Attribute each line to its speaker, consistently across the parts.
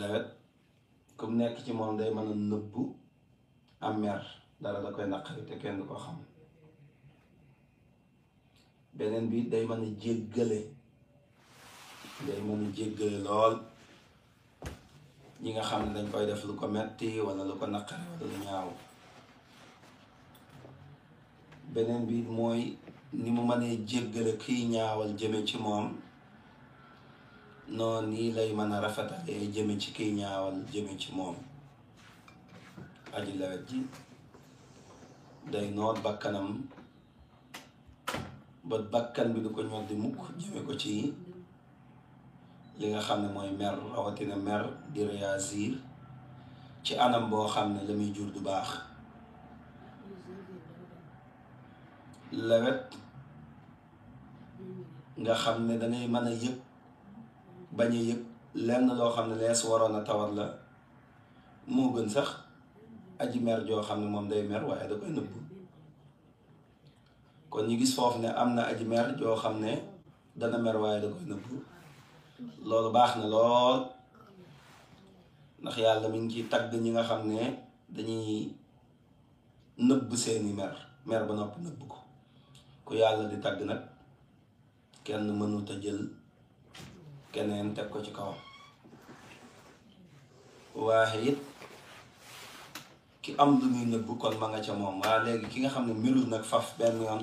Speaker 1: lewet ku nekk ci moom day mën a nëbbu am mer dara la koy naqari te kenn du ko xam beneen bi day man a jéggale day mën a jéggale lool ñi nga xam ne dañ koy def lu ko metti walla lu ko naqari walla lu ñaaw beneen bi mooy ni mu mënee jéggale kiy ñaawal jëme ci moom noonu nii lay mën a rafetalee jëme ci kiy ñaawal jëme ci moom aji lawet ji day noot bakkanam ba bakkan bi du ko ñor di mukk jëme ko ci li nga xam ne mooy mer rawatina mer di réagir ci anam boo xam ne la muy jur du baax lawet nga xam ne dangay mën a yëg bañ a lenn loo xam ne lees waroon a tawat la moo gën sax aji mer joo xam ne moom day mer waaye da koy nëbbu kon ñu gis foofu ne am na aji mer joo xam ne dana mer waaye da koy nëbbu loolu baax na lool ndax yàlla mi ngi ciy tagg ñi nga xam ne dañuy nëbb seeni mer mer ba noppi nëbb ko ku yàlla di tagg nag kenn mënut jël keneen teg ko ci kawam waaye it ki am lu muy nëbbu kon ma nga ca moom waaye léegi ki nga xam ne melul nag faf benn yoon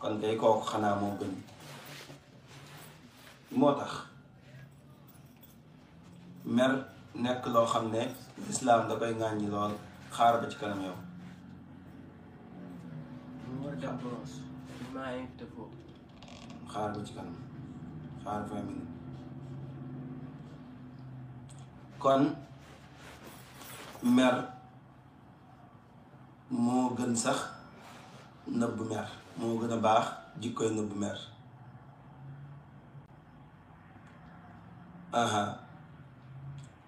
Speaker 1: kon kay kooku xanaa moo gën moo tax mer nekk loo xam ne lislaam da koy ŋàññi lool xaar ba ci kanam yow xaar ba ci kanam xaar vingt minutes kon mer moo gën sax nëbb mer moo gën a baax jikkoy nëbb mer aha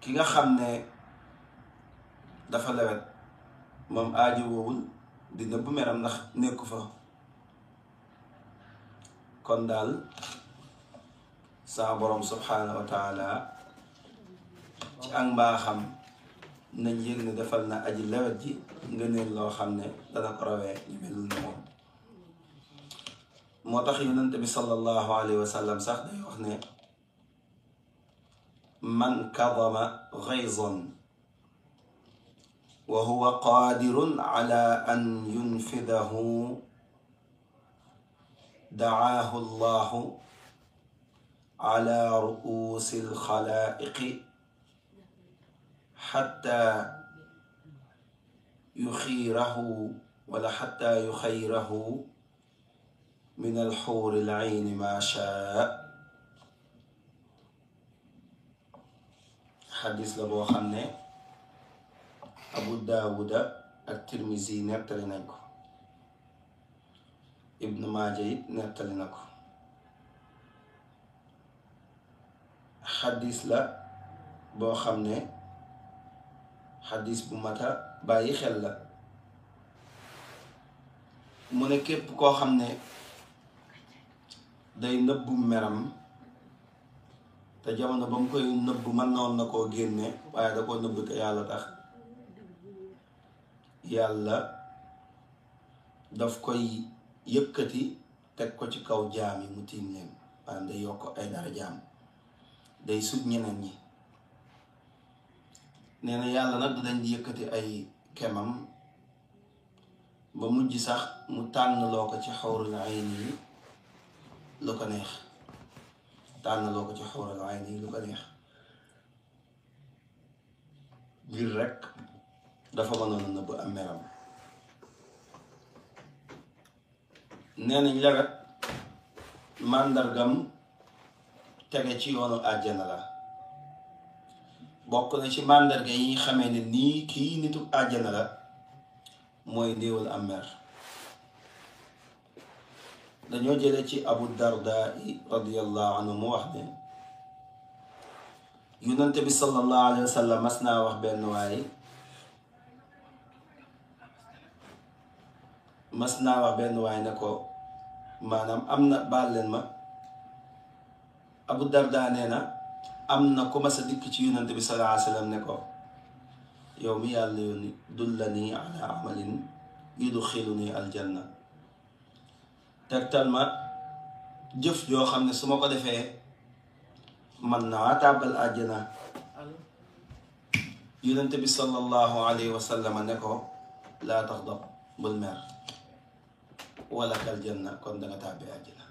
Speaker 1: ki nga xam ne dafa lewet moom aaji woowul di nëbb meram ndax nekku fa kon daal saa borom subhaanahu wa taala ci ak mbaaxam nañ yëg ne defal na aji lewet ji nga neen loo xam ne dana ko rawee ñu melul ne moom moo tax yonent bi sallallahu alayhi wa sallam sax day wax ne man kadama gayzan wa huwa qadirun ala an yunfidahu daahu allahu على رؤوس الخلائق حتى يخيره ولا حتى يخيره من الحور العين ما شاء xadis la boo xam ne abu daawuda ak tirmisi nettali nañ ko ibnu maaja it nettali na ko xadis la boo xam ne xadis bu mata bàyyi xel la mu ne képp koo xam ne day nëbbu meram te jamono ba mu koy nëbb mën noon na koo génne waaye da koo nëbb te yàlla tax yàlla daf koy yëkkati teg ko ci kaw jaam yi mu tiim leen maanaam day yokk ay dara jaam day sut ñeneen ñi nee na yàlla nag dañ di yëkkati ay kemam ba mujj sax mu tànn loo ko ci xawrul ayn yi lu ko neex tànn loo ko ci xawrul ayn yi lu ko neex ngir rek dafa mënoon a nëbb am meram nee nañ lewet màndargam tege ci yoonu àjjana la bokk na ci màndarga yi xamee ne nii kii nitu àjjana la mooy ndéewal amer mer dañoo jële ci abu darda radiallahu anhu mu wax ne yonente bi sallallahu alayhi wa mas naa wax benn waay mas naa wax benn waay ne ko maanaam am na baal leen ma abu darda nee na am na ku ma sa dikk ci yonante bi sallallahu alayhi wa sallam ne ko yow mi yàlla yónni dullanii ala amalin yudxiluni aljanna tegtal ma jëf joo xam ne su ma ko defee man naa tàbbal àjjana yonente bi sallallahu alayhi wa sallam ne ko laa taxdab mer wala kal kon da nga tàbbee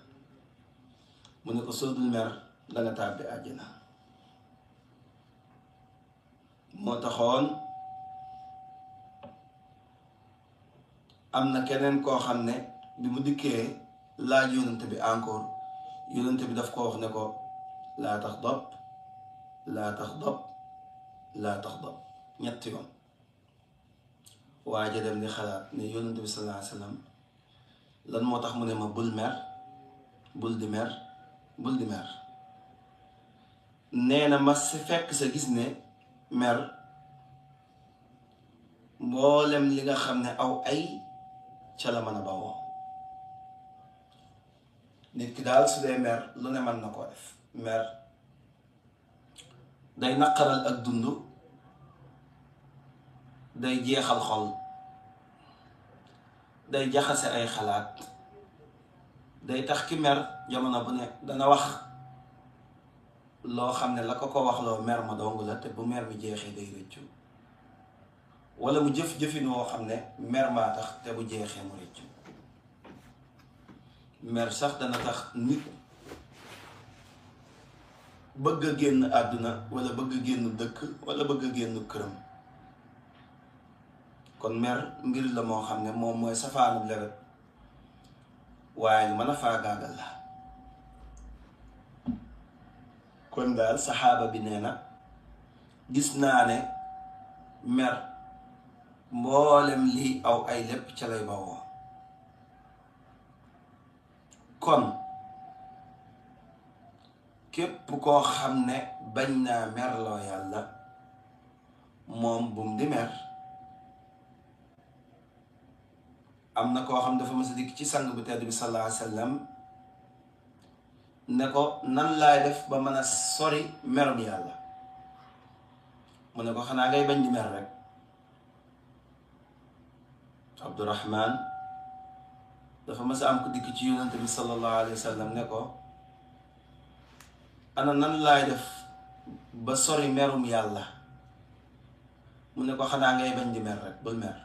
Speaker 1: mu ne ko soo mer la bi tàbbi àjjana moo taxoon am na keneen koo xam ne bi mu dikkee laa yonent bi encore yonent bi daf ko wax ne ko laa tax dop laa tax dop laa tax dop ñetti yoon waaja dem di xalaat ne yonent bi sallallahu alayhi lan moo tax mu ne ma bul mer bul di mer bul di mer nee na ma si fekk sa gis ne mer mboolem li nga xam ne aw ay ca la mën a bawoo nit ki daal su dee mer lu ne mën na koo def mer day naqaral ak dund day jeexal xol day jaxase ay xalaat day tax ki mer jamono bu nekk dana wax loo xam ne la ko ko wax loo mer ma dong la te bu mer mi jeexee day rëccu wala mu jëf jëfin woo xam ne mer maa tax te bu jeexee mu rëccu mer sax dana tax nit bëgg a génn àdduna walla bëgg a génn dëkk wala bëgg a génn këram kon mer mbir la moo xam ne moom mooy safaanub lewet waaye lu mën a faagaagal la kon daal saxaaba bi nee na gis naa ne mer mboolem lii aw ay lépp ca lay bawoo kon képp koo xam ne bañ naa merloo yàlla moom bum di mer am na koo xam dafa mas a dikk ci sang bu tedd bi sallallahu alayhi wa ne ko nan laay def ba mën a sori merum yàlla mu ne ko xanaa ngay bañ di mer rek abdurahman dafa mës a am ku dikk ci yonante bi sallallahu alayhi wa ne ko ana nan laay def ba sori merum yàlla mu ne ko xanaa ngay bañ di mer rek bul mer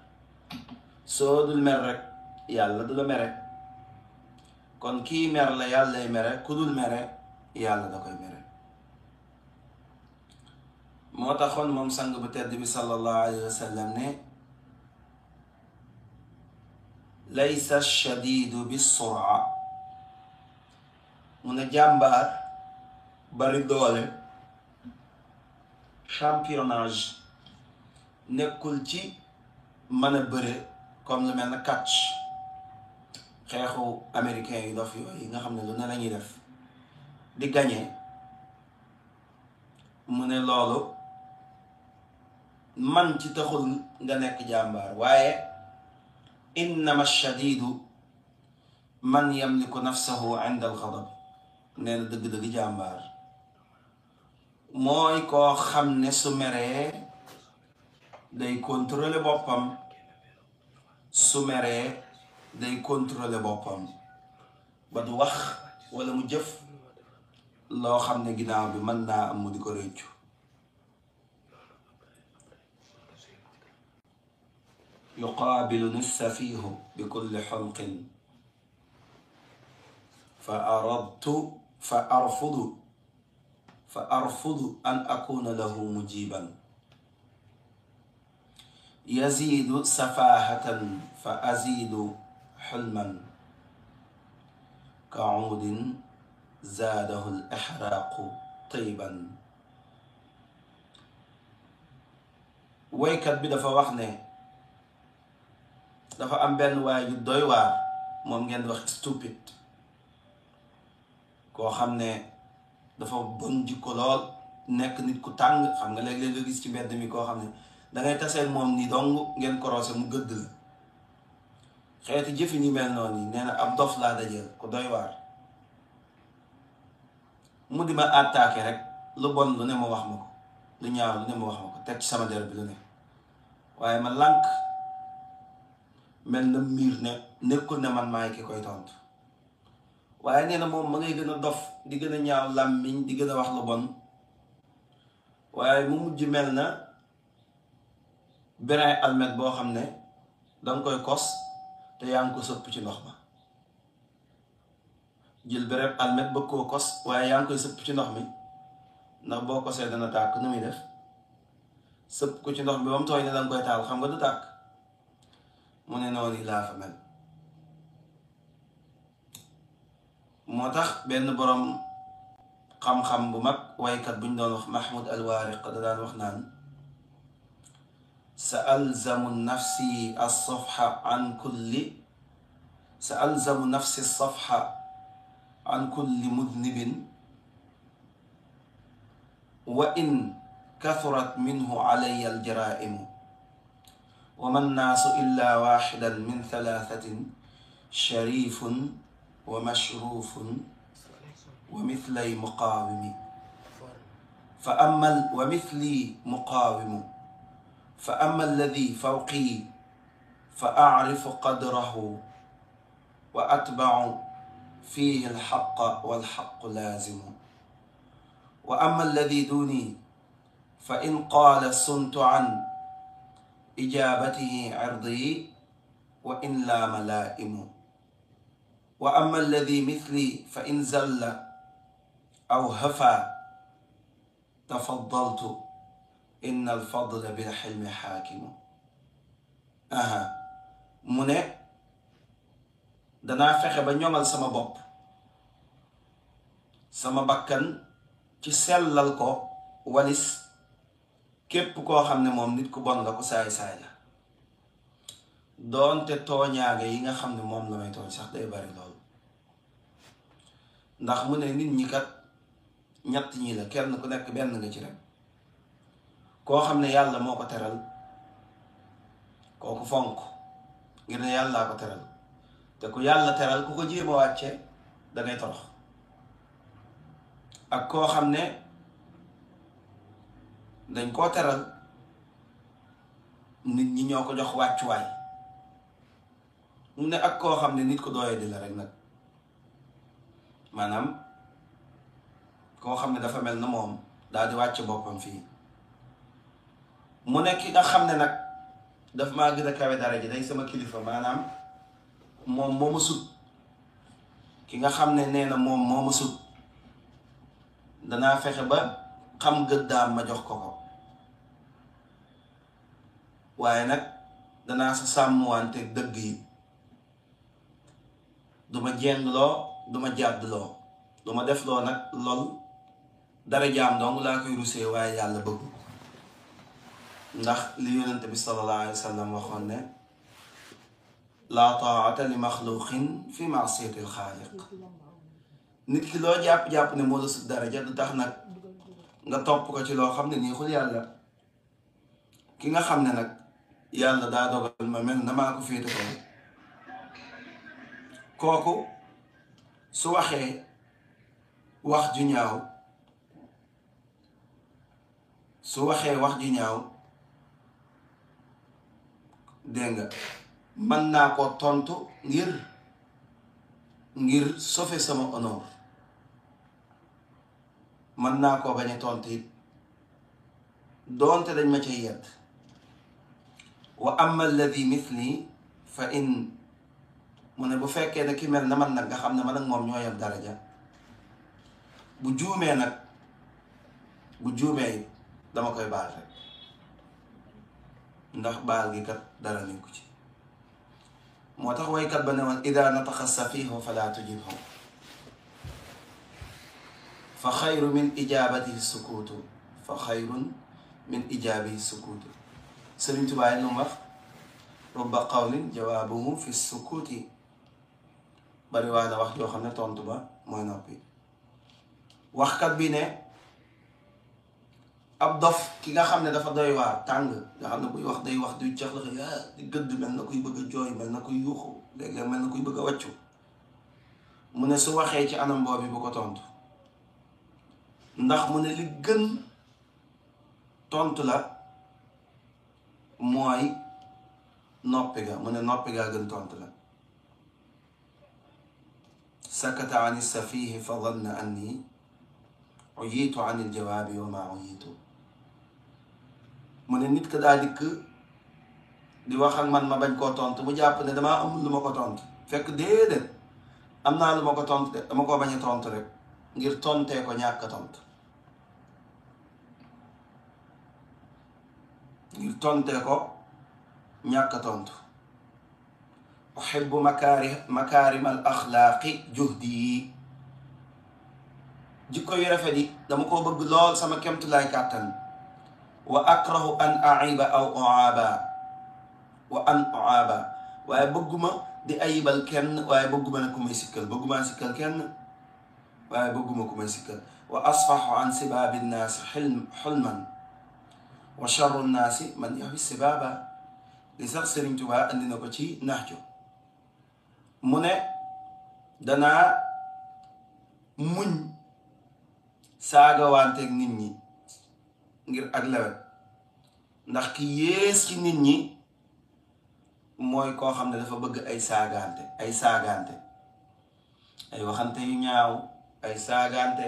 Speaker 1: soo dul mer rek yàlla du la mere kon kii mer la yàlla lay mere ku dul mere yàlla da koy mere moo taxoon moom sang bu tedd bi sallallahu alayhi wa sallam ne laysa shadidu bi sura mu ne jàmbaar bari doole championnage nekkul ci mën a bëre comme lu mel ne catch xeexu américain yu dof yooyu nga xam ne lu ne la ñuy di gañee mu ne loolu man ci taxul nga nekk jàmbaar waaye innama shadidu man yamliku nafsahu inda alxadab nee na dëgg-dëgg jàmbaar mooy koo xam ne su day contrôler boppam su day contrôler boppam ba du wax wala mu jëf loo xam ne ginnaaw bi mën naa am mu di ko réccu yuqaabiluni safiihu bi an akuna lahu mujiban yaziidu safaahatan fa xulman kaudin zaadahu l ixraaqu tayban woykat bi dafa wax ne dafa am benn waay ju doy waar moom ngeen wax stupid koo xam ne dafa bon jikko lool nekk nit ku tàng xam nga léeg-léeg gis ci mbedd mi koo xam ne dangay taseel moom ni dong ngeen korose mu gëdd xeeti jëfi ñu mel noonu yi nee na ab dof laa dajeel ku doy waar mu di ma attaqué rek lu bon lu ne ma wax ma ko lu ñaaw lu ne ma wax ma ko teg ci sama der bi lu ne waaye ma lànk mel na miir ne nekkul ne man maay ki koy tontu waaye nee na moom ma ngay gën a dof di gën a ñaaw làmmiñ di gën a wax lu bon waaye mu mujj mel na berin almet boo xam ne danga koy kos te yaa ngi ko sëpp ci ndox ma jël béréb almet bëgg koo kos waaye yaa ngi koy sëpp ci ndox mi ndax boo kosee dana tàkk nu muy def sëpp ko ci ndox mi ba mu tooy ne danga koy taal xam nga du tàkk mu ne noonu laa fa mel moo tax benn borom xam-xam bu mag waykat bu ñu doon wax Mahmoud Alwaariq da daan wax naan sa alzamu nafsi assafha an kulli sa alzamu nafsi assafha an kulli mudnibin wa in kathurat minhu alayya aljaraimu wa man naasu illa waxidan min thalathatin sharifun wa mashrufun wa mithlay muqaawimi fa amal wa mithli muqaawimu fa ama alladi fawqi fa acrifu qadrahu wa atbacu fihi alxaqa walxaqu laazimu wa ama alladi duni fa in qaala suntu can ijaabatihi cirdi wa in laama laaimu wa ama alladi mithli fa in zalla aw hafa tafadaltu inna al bi bil xilmi xaakimu aha mu ne danaa fexe ba ñoŋal sama bopp sama bakkan ci sellal ko walis képp koo xam ne moom nit ku bon la ku saay-saay la doonte tooñaage yi nga xam ne moom la may tooñ sax day bari lool ndax mu ne nit ñi kat ñett ñii la kenn ku nekk benn nga ci rek koo xam ne yàlla moo ko teral kooku fonk ngir ne yàllaa ko teral te ku yàlla teral ku ko jéem a wàcce da ngay torox ak koo xam ne dañ koo teral nit ñi ñoo ko jox wàccuwaay mu ne ak koo xam ne nit ko dooyee di rek nag maanaam koo xam ne dafa mel na moom daal di wàcc boppam fii mu ne ki nga xam ne nag daf maa gën a kawe dara ji day sama kilifa maanaam moom moo ma sut ki nga xam ne nee na moom moo ma sut danaa fexe ba xam gëddaam ma jox ko ko waaye nag danaa sàmm wante dëgg yi duma jeng loo duma jàdd loo duma def loo nag lool dara jaam dong laa koy rusee waaye yàlla bëgg ndax li yonente bi sallallahu alayhi wa waxoon ne laa taata li maxluqin fi maasiyati alxaaliq nit ki loo jàpp-jàpp ne moo la sut daraja du tax nag nga topp ko ci loo xam ne neexul yàlla ki nga xam ne nag yàlla daa dogal ma mel na maa ko féete ko kooku su waxee wax ju ñaaw su waxee wax ju ñaaw dégg nga mën naa ko tontu ngir ngir sofe sama honneur mën naa koo bañ a doonte dañ ma cay yedd wa amma alladi mithli fa in mu ne bu fekkee ne ki mel na man nag nga xam ne man ak moom ñoo yem daraja bu juumee nag bu juumee dama koy baal rek ndax baal gi kat dara nekku ci moo tax waykat ba ne woon ida nataxa safihu fala tujibhu fa xayru min ijaabatihi sukuutu fa xayrun min ijaabihi sukuutu Sëriñ Tuubaa lu mu rubba qawlin jawaabuhu fi sukuuti bari waa na wax yoo xam ne tontu ba ab dof ki nga xam ne dafa doy waar tàng nga xam ne buy wax day wax duy cax la di gëdd mel na kuy bëgg a jooy mel na kuy yuuxu léeg-léeg mel na kuy bëgg a wàccu mu ne su waxee ci anam boobu bu ko tontu ndax mu ne li gën tontu la mooy noppi ga mu ne noppi gaa gën tontu la sakata an safihi fa danna anni uyitu an il jawaabi wa maa uyitu mu ne nit ka daa dikk di wax man ma bañ koo tontu mu jàpp ne damaa amul lu ma ko tontu fekk déedéet am naa lu ma ko tontu de dama koo bañ a tontu rek ngir tontee ko ñàkk a tontu ngir tontee ko ñàkk a tontu uhibbu makaari makaarim al axlaaqi juhdi yi jikko yu rafet yi dama koo bëgg lool sama kemtulaay kàttan wa akrahu an aiba aw oaba wa an oaba waaye bëgguma di ayibal kenn waaye bëgguma ne ku may sikkal bëgguma sikkal kenn waaye bëgguma ku may sikkal wa asfaxu an sibaabi nnaasi xulman wa charru nnaasi man yaxwi sibaaba li sax Sëriñ Tuubaa andi na ko ci naxju mu ne danaa muñ saagawanteeg nit ñi ngir ak lewet ndax ki yées ci nit ñi mooy koo xam ne dafa bëgg ay saagaante ay saagaante ay waxante yu ñaaw ay saagaante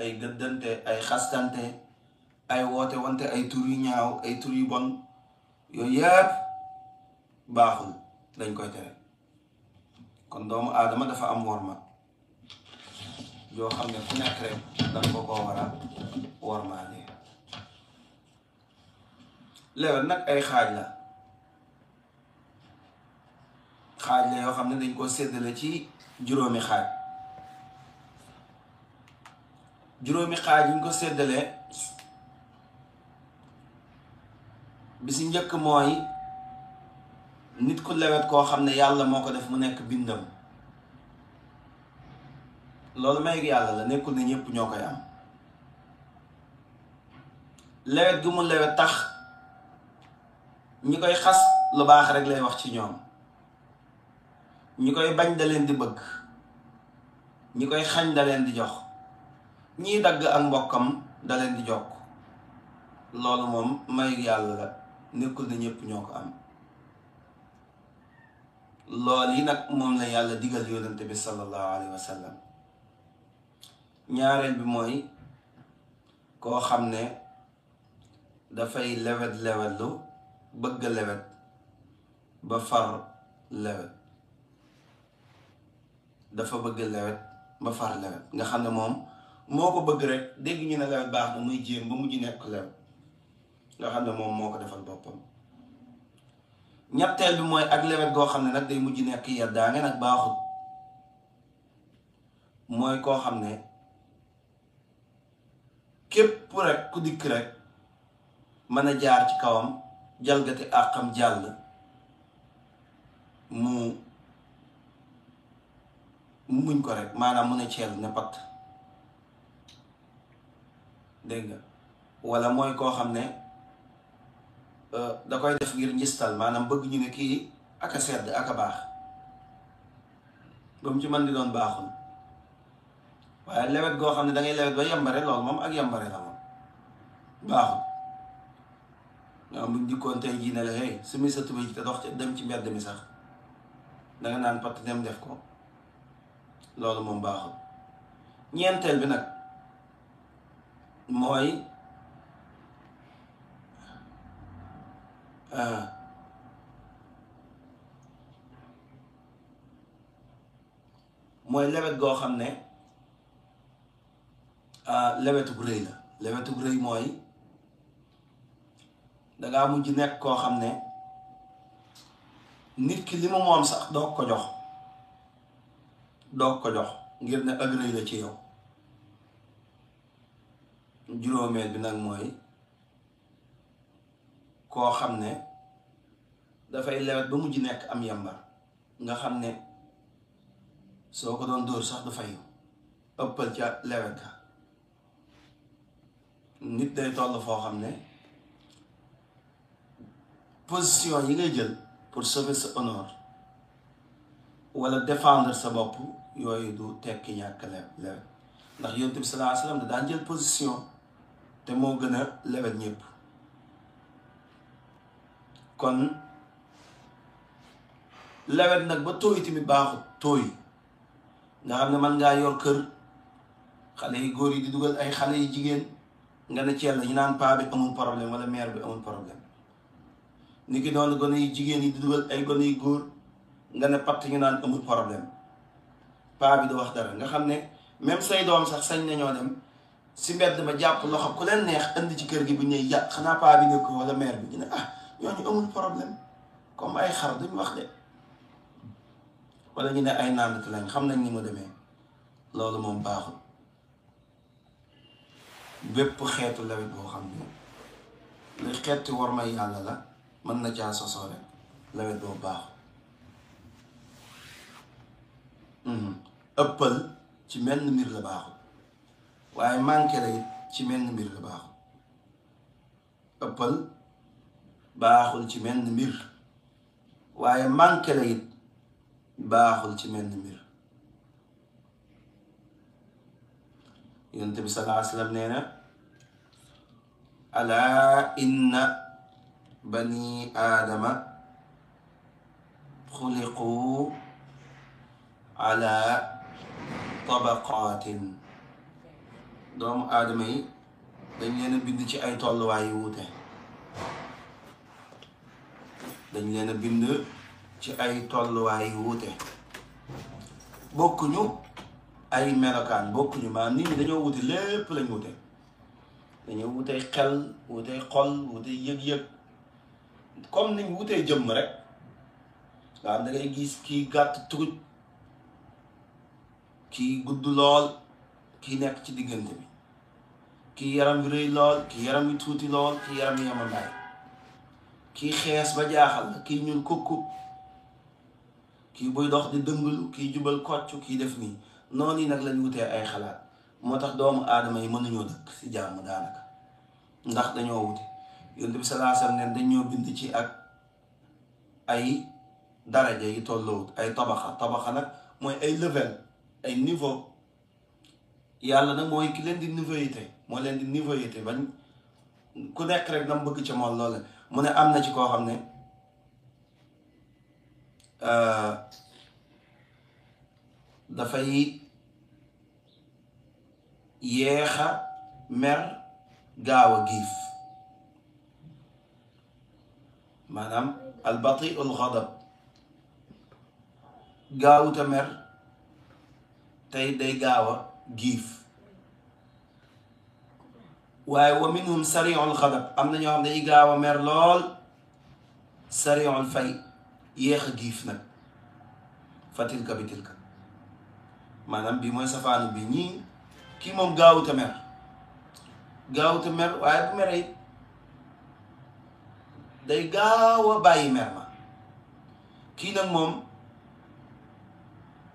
Speaker 1: ay gëddante ay xastante ay woote wante ay tur ñaaw ay tur yu bon yooyu yëpp baaxul dañ koy tere kon doomu aadama dafa am worma yoo xam ne ku nekk rek dañ koo war a wormaale lewet nag ay xaaj la xaaj la yoo xam ne dañ koo séddale ci juróomi xaaj juróomi xaaj yi ñu ko séddalee bi si njëkk mooy nit ku lewet koo xam ne yàlla moo ko def mu nekk bindam loolu may yàlla la nekkul ne ñépp ñoo koy am lewet gu mu lewet tax ñi koy xas lu baax rek lay wax ci ñoom ñi koy bañ da leen di bëgg ñi koy xañ da leen di jox ñiy dagg ak mbokkam da leen di jokk loolu moom mayu yàlla la nekkul na ñëpp ñoo ko am lool yi nag moom la yàlla digal yonante bi sallallahu alayhi wa ñaareel bi mooy koo xam ne dafay lewet lewetlu bëgg lewet ba far lewet dafa bëgg lewet ba far lewet nga xam ne moom moo ko bëgg rek dégg ñu ne lewet baax na muy jéem ba mujj nekk lewet nga xam ne moom moo ko defal boppam ñetteel bi mooy ak lewet goo xam ne nag day mujj nekk yeddaa nga nag baaxul mooy koo xam ne képp rek ku dikk rek mën a jaar ci kawam jalgati àqam jàll mu muñ ko rek maanaam mën a ceel ne pat dégg nga wala mooy koo xam ne euh, da koy def ngir njistal maanaam bëgg ñu ne kii aka sedd aka baax ba mu ci mën di doon baaxul waaye lewet goo xam ne dangay ngay lewet ba yambare loolu moom ak yambare la moom baaxul ñoom mu ñu dikkoon tey jii ne la hey sumi sa tubéy te dox ca dem ci mbedd mi sax danga naan patt dem def ko loolu moom baaxul ñeenteel bi nag mooy ah, mooy lewet goo xam ne ah, lewetu rëy la lewetu rëy mooy dangaa mujj nekk koo xam ne nit ki li mu moom sax doog ko jox doog ko jox ngir ne ëgg nañ la ci yow juróomeel bi nag mooy koo xam ne dafay lewet ba mujj nekk am yambar nga xam ne soo ko doon dóor sax du fay ëppal ca lewet ga nit day toll foo xam ne position yi ngay jël pour sauver sa honneur wala défendre sa bopp yooyu du tekki ñàkk leb lewet ndax yonent bi sallallahu alayhi wasallam da daan jël position te moo gën a lewet ñëpp kon lewet nag ba tooy tamit baaxut tooy nga xam ne man ngaa yor kër xale yi góor yi di dugal ay xale yi jigéen nga ne ci yàlla ñu naan paa bi amul problème wala mère bi amul problème ni ki noonu gone yu jigéen yi di dugal ay gone yu góor nga ne patt ñu naan amul problème paa bi du wax dara nga xam ne même say doom sax sañ nañoo dem si mbedd ma jàpp loxo ku leen neex indi ci kër gi bu ñuy yàq xanaa paa bi ne ko wala mère bi dina ah ñooñu amul problème comme ay xar duñ wax de ñu ne ay naandatu lañ xam nañ ni mu demee loolu moom baaxul bépp xeetu lawet boo xam ne li xeeti war may yàlla la mën na caa sosoo rek lawet boobu baaxul mhm. ëppal ci mel ni mbir la baaxul waaye manqué la it ci mel ni la baaxul ëppal baaxul ci mel ni mbir waaye manqué la baaxul ci mel ni mbir yonent bi sallallahu alayhi nee na inna bani aadama xuliqu ala tabaqaatin doomu aadama yi dañ leen bind ci ay tolluwaay yu wuute dañ leen a bind ci ay tolluwaay yu bokkuñu ay melokaan bokkuñu maanaam nit ñi dañoo wuti lépp lañ wute dañoo wutey xel wutey xol wutey yëg-yëg comme niñ wutee jëmm rek nga xam gis kii gàtt turuj kii gudd lool kii nekk ci diggante bi kii yaram wi rëy lool kii yaram wi tuuti lool kii yaram wi yamandaay kii xees ba jaaxal la kii ñuul kukku kii buy dox di dëngalu kii jubal kocc kii def nii noonu yi nag lañu wutee ay xalaat moo tax doomu aadama yi mënuñoo dëkk si jàmm daanaka ndax dañoo wuti yonent bi sallallahu alayhi wasallam ne dañoo bind ci ak ay daraja yi tolluwut ay tabaxa tabaxa nag mooy ay level ay niveau yàlla nag mooy ki leen di niveauté moo leen di niveauté bañ ku nekk rek dama bëgg ci moom loole mu ne am na ci koo xam ne euh, dafay yeexa mer gaaw a giif maanaam albatiul xadab gaawuta mer tey day gaaw a giif waaye wa minhum sariul xadab am na ñoo xam dañuy gaaw a mer lool sariul fay yéex a giif nag fa tilka bi tilka maanaam bi mooy safaanu bi ñii kii moom gaawuta mer gaawuta mer waaye bu mere day gaaw bàyyi mer ma kii nag moom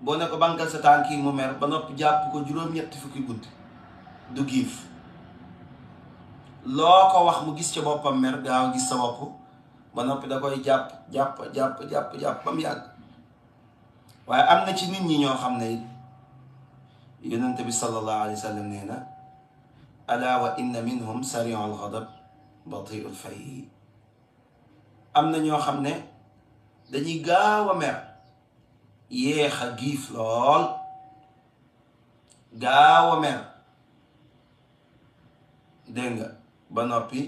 Speaker 1: boo ne ko bankal sa tànk mu mer ba noppi jàpp ko juróom-ñetti fukki guddi du giif loo ko wax mu gis ca boppam mer gaaw gis sa bopp ba noppi da koy jàpp jàpp jàpp jàpp jàpp ba yàgg waaye am na ci nit ñi ñoo xam ne yonent bi sallallahu alayhi wa sallam nee wa inna minhum sariu alxadab batiu lfay am na ñoo xam ne dañuy gaaw mer yéex a giif lool gaaw a mer dégg ba noppi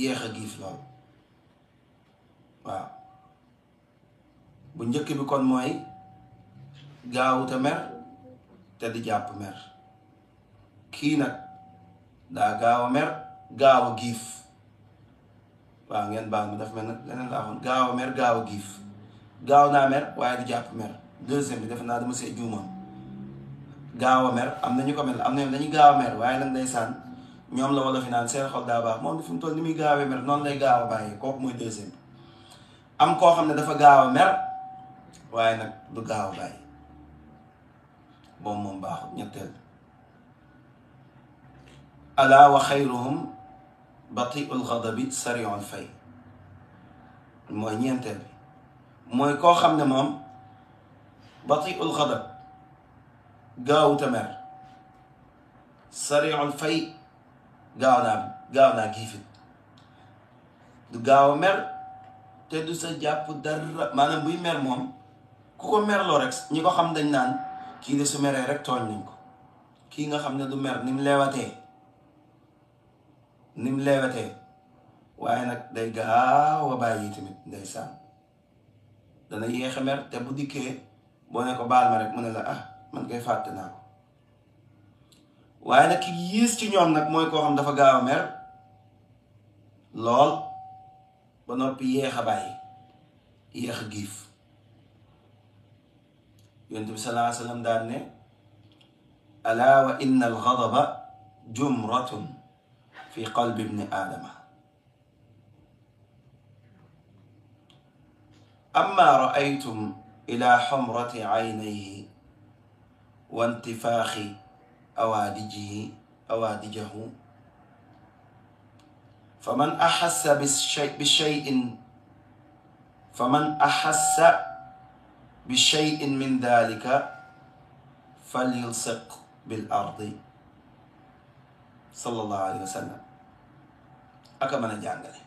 Speaker 1: yéex a giif lool waaw bu njëkk bi kon mooy gaawuta mer te di jàpp mer kii nag daa gaaw mer gaaw giif waaw ngeen baax bi daf mel na leneen laa waxoon gaaw a mer gaaw giif gaaw naa mer waaye du jàpp mer deuxième bi def naa dama see juumoon gaaw am na ñu ko mel am na ñoom dañuy gaaw a waaye lan lay saan ñoom la wala fi naan seen xol daa baax moom fi mu toll ni muy gaawee mer noonu lay gaaw a bàyyi kooku mooy koo xam ne dafa gaaw a mer waaye nag du gaaw a bàyyi boobu moom baaxul ñetteel ala wa xayruhum batiul ghadabi sariul fay mooy ñeenteel bi mooy koo xam ne moom batiul ghadab gaawu tamer sariul fay gaaw naa gaaw naa giifit du gaaw a mer te du sa jàpp dara maanaam buy mer moom ku ko merloo rek ñi ko xam dañ naan kii de su meree rek tooñ nañ ko kii nga xam ne du mer ni mu leewatee ni mu leewatee waaye nag day gaaw a bàyyi tamit ndeysaan dana yéex a mer te bu dikkee boo ne ko baal ma rek mu ne la ah man koy fàtte naa ko waaye nag ki yées ci ñoom nag mooy koo xam dafa gaaw a mer lool ba noppi yéex a bàyyi yéex a giif yonent bi salaa sallam daan ne alaa wa inna alxadaba jumratun fi qalbi ibni aadama amma raaytum ila xamrati aynayhi wa intifaaxi awaadijihi awaadijahu faman axassa bishayin faman axassa bishayin min dalika falyulsiq bil ardi sallallahu alayhi wa sallam ak a mën a jàngale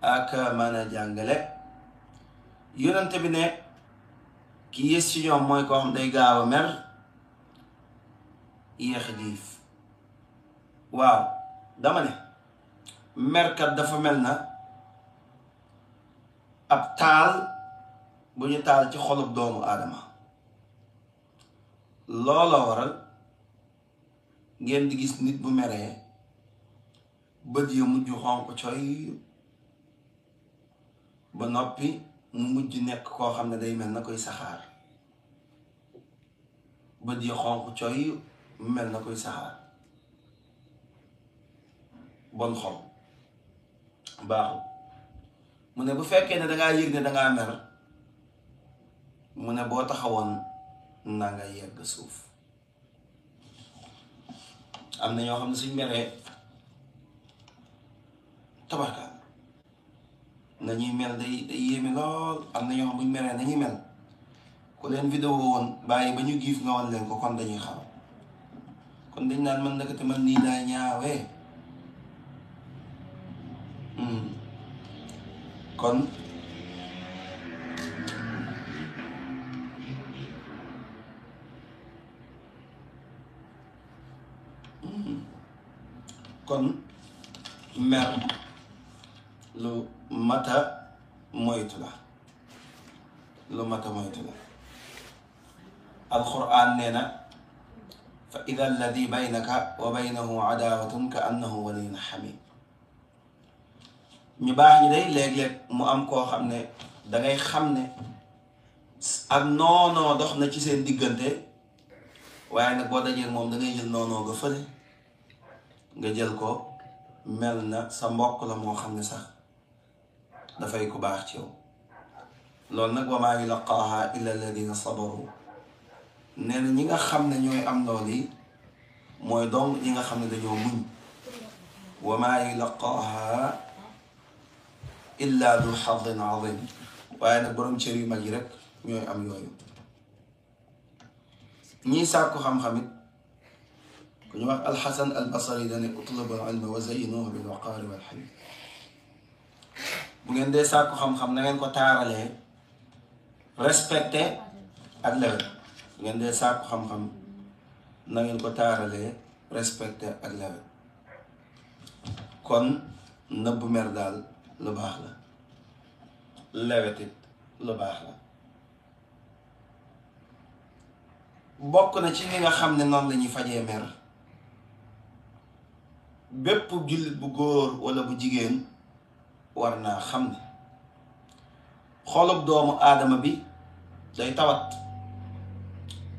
Speaker 1: ak mën a jàngale yonente bi ne ki yées ci ñoom mooy ko xam day gaaw a mer yéex a diif waaw dama ne merkat dafa mel na ab taal bu ñu taal ci xolub doomu aadama loola waral ngeen di gis nit bu meree bët yi mujj xonq coy ba noppi mu mujj nekk koo xam ne day mel na koy saxaar bët yi xonq coy mel na koy saxaar bon xol baaxul mu ne bu fekkee ne dangaa yëg ne dangaa mer mu ne boo taxawoon naa nga yegg suuf am na ñoo xam ne suñ meree tabarka nañuy mel day day yéeme lool am na ñoo xam bu ñu mel ku leen vidéo woon ba ñu giif nga wan leen kon dañuy xam dañ naan man naka te man nii laa ñaawee hmm. kon hmm. kon mer lu mata moytu la lu mata moytu la alquran nee na fa ida alladi baynaka wa baynahu adaawatun ka annahu waliyun xamim ñu baax ñi day léeg mu am koo xam ne dangay xam ne ak noonoo dox na ci seen diggante waaye nag boo dajee moom dangay jël noonoo nga fële nga jël ko mel na sa mbokk la moo xam ne sax dafay ku baax ci yow loolu nag wa maa yulaqaaha illa alladina ñi nga xam ne ñooy am lool yi mooy dong ñi nga xam ne dañoo muñ wa maa yulaqaaha illa du xadin azim waaye nag borom cër yu mag yi rek ñooy am yooyu ñii sàkku xam-xam it ku ñu wax alxasan albasari dane utlubu alilma wa zayinuhu bilwaqaari walxalim bu ngeen dee sàkku xam-xam na ngeen ko taaralee respecté ak lewet ngeen dee sàkku xam-xam na ko taaralee respecté ak lewet kon nëbbu mer daal lu baax la lewetit lu baax la bokk na ci li nga xam ne noonu la ñuy fajee mer bépp jullit bu góor walla bu jigéen war naa xam ne xolub doomu aadama bi day tawat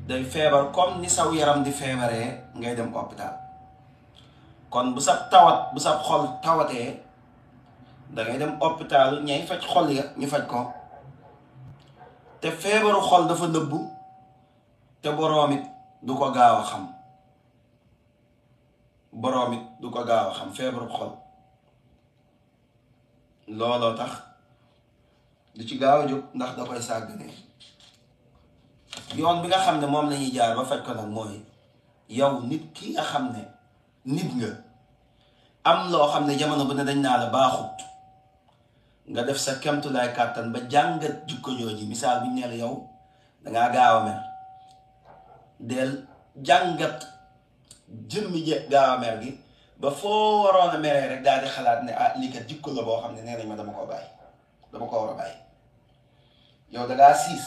Speaker 1: day feebar comme ni saw yaram di feebaree ngay dem hôpital kon bu sab tawat bu sab xol tawatee dangay dem hôpital ñay faj xol ya ñu faj ko te feebaru xol dafa nëbbu te boroom it du ko gaaw a xam boroom du ko gaaw a xam feebaru xol looloo tax du ci gaaw a jóg ndax da sàgg sàggane yoon bi nga xam ne moom lañuy jaar ba faj ko nag mooy yow nit ki nga xam ne nit nga am loo xam ne jamono bu ne dañ naa la baaxut nga def sa kemtulaay kàttan ba jàngat jukko jooji misaal bi ñu ne la yow dangaa gaaw a mer del jàngat jëmmi je gaaw a mer gi ba foo waroon a meree rek daal di xalaat ne ah lii kat jikko la boo xam ne nee nañ ma dama koo bàyyi dama ko war a bàyyi yow da ngaa siis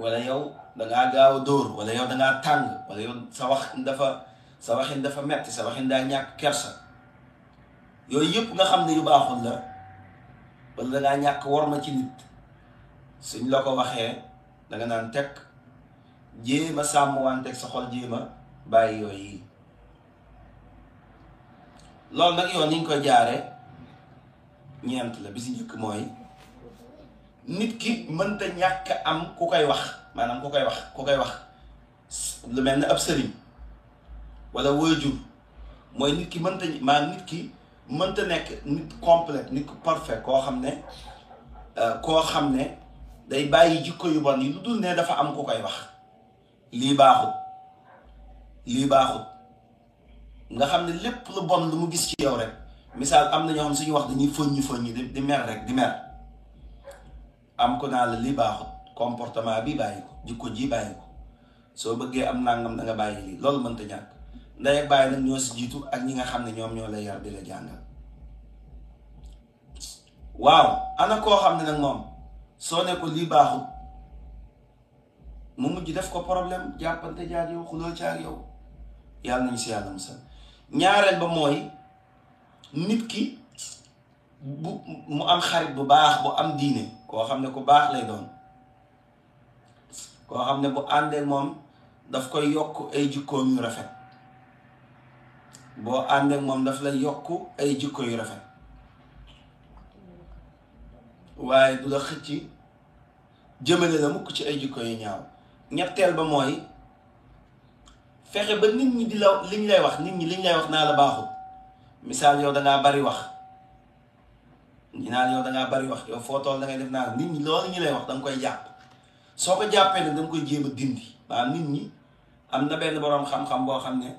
Speaker 1: wala yow da ngaa gaaw a dóor wala yow da ngaa tàng wala yow sa wax dafa sa dafa metti sa waxin daa ñàkk kersa yooyu yëpp nga xam ne yu baaxul la wala da ñàkk war ma ci nit suñ la ko waxee danga naan teg jéem a sàmm wanteeg sa xol jéem bàyyi yooy yi loolu nag yoon niñ ko jaare ñeent la bi si njëkk mooy nit ki mënta ñàkk am ku koy wax maanaam ku koy wax ku koy wax lu mel ne ab sëriñ wala waajur mooy nit ki mënta maanaam nit ki mënta nekk nit complète nit ku koo xam ne euh, koo xam ne day bàyyi jikko yu bon yi lu dul ne dafa am ku koy wax lii baaxut lii baaxut nga xam ne lépp lu bon lu mu gis ci yow rek misaal am na ñoo xam suñu wax dañuy fëññi fëññi di mer rek di mer am ko naa la lii baaxut comportement bi bàyyi ko jikko ji bàyyi ko soo bëggee am nangam da nga bàyyi loolu mënta ñàkk ndey ak bàyyi nag ñoo si jiitu ak ñi nga xam ne ñoom ñoo lay yar di la jàngal waaw ana koo xam ne nag moom soo ne ko lii baaxut mu mujj def ko problème jàppante jaar yow xuloo caag yow yàlla nañu si yàlla musal ñaareel ba mooy nit ki bu mu am xarit bu baax bu am diine koo xam ne ku baax lay doon koo xam ne bu àndee moom daf koy yokk ay jikkoom yu rafet boo àndee moom daf lay yokk ay jikko yu rafet waaye du la xëcc jëmale la mukk ci ay jikko yu ñaaw ñetteel ba mooy fexe ba nit ñi di la liñ lay wax nit ñi liñ lay wax naa la baaxul misaal yow da bari wax ñu naan yow da bari wax yow foo def naa nit ñi loolu ñu lay wax da koy jàpp soo ko jàppee nag da koy jéem a dindi maanaam nit ñi am na benn boroom xam-xam boo xam ne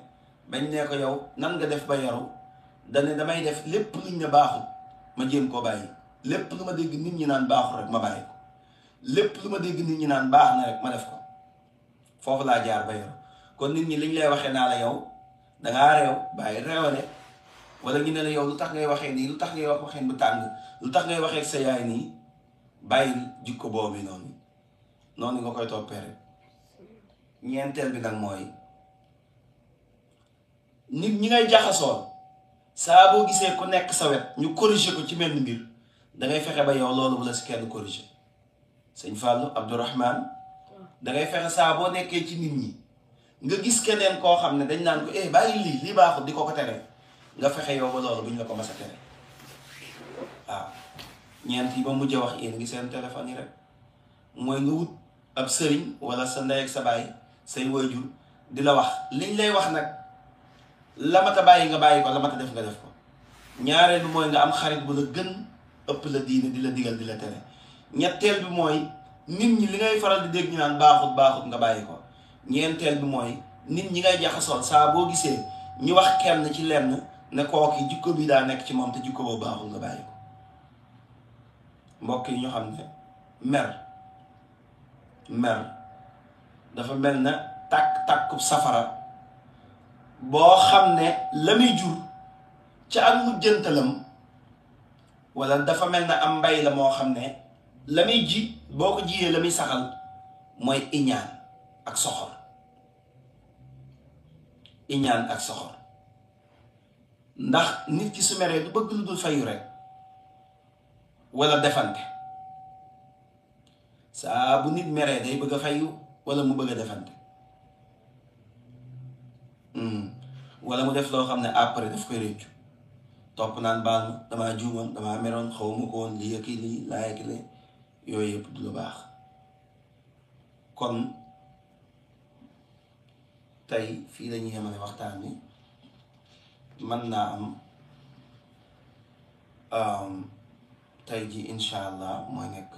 Speaker 1: bañ ne ko yow nan nga def ba yaru dane damay def lépp luñ ne baaxul ma jéem koo bàyyi lépp lu ma dégg nit ñi naan baaxul rek ma bàyyi lépp lu ma dégg nit ñi naan baax na rek ma def ko foofu laa jaar ba yaru kon nit ñi liñ lay waxee naa la yow dangaa réew bàyyi réewale wala ñu ne la yow lu tax ngay waxee nii lu tax ngay wax waxeen bu tàng lu tax ngay waxee sa yaay nii bàyyi jikko boobu noonu noonu nga koy toppee ñeenteel bi nag mooy nit ñi ngay jaxasoo saa boo gisee ku nekk sa wet ñu corriger ko ci mel mbir dangay fexe ba yow loolu bu la si kenn corriger sëñ Fallou Abdourahman dangay fexe saa boo nekkee ci nit ñi nga gis keneen koo xam ne dañ naan ko eh bàyyi lii lii baaxul di ko ko tere nga fexe yow ba bu ñu la ko mas a tere waaw ñeent yi ba mujj wax yéen ngi seen téléphone yi rek mooy nga wut ab sëriñ wala sa ndey ak sa baay say waajur di la wax liñ lay wax nag la mat a bàyyi nga bàyyi ko la mat a def nga def ko ñaareel bi mooy nga am xarit bu la gën ëpp la diine di la digal di la tere ñetteel bi mooy nit ñi li ngay faral di dégg ñu naan baaxut baaxut nga bàyyi ko ñeenteel bi mooy nit ñi ngay jaxasoon saa boo gisee ñu wax kenn ci lenn ne kooki jikko bi daa nekk ci moom te jikko boo baaxul nga bàyyi mbokk yi ñu xam ne mer mer dafa mel na takk tàkku safara boo xam ne la muy jur ca ak mujjantalam wala dafa mel na am mbay la moo xam ne la muy ji boo ko jiyee la muy saxal mooy iñaan ak soxor iñaan ak soxor ndax nit ki su meree du bëgg lu dul fayu rek wala defante saa bu nit meree day bëgg a fayu wala mu bëgg a defante hmm. wala mu def loo xam ne après daf koy réccu topp naan baal damaa juumoon damaa meroon xaw ma ko woon lii ak lii laa ak lii yooyu yëpp du lu baax kon tey fii la ñuy yemale waxtaan bi mën naa am um, tey ji incha allah mooy nekk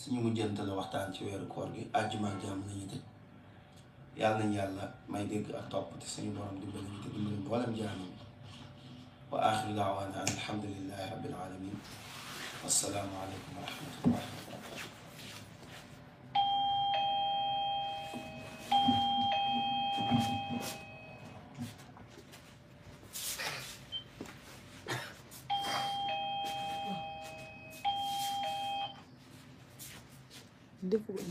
Speaker 1: suñu mujjantale waxtaan ci weeru koor gi àjjuma jàmm la ñu tëj yàlla nañ yàlla may dégg ak topp te suñu borom dimbali ñu te dimbali mboolem jaamam wa axiru daawaana an alhamdulillahi rabbil alamin wassalaamu aleykum wa rahmatullah défaut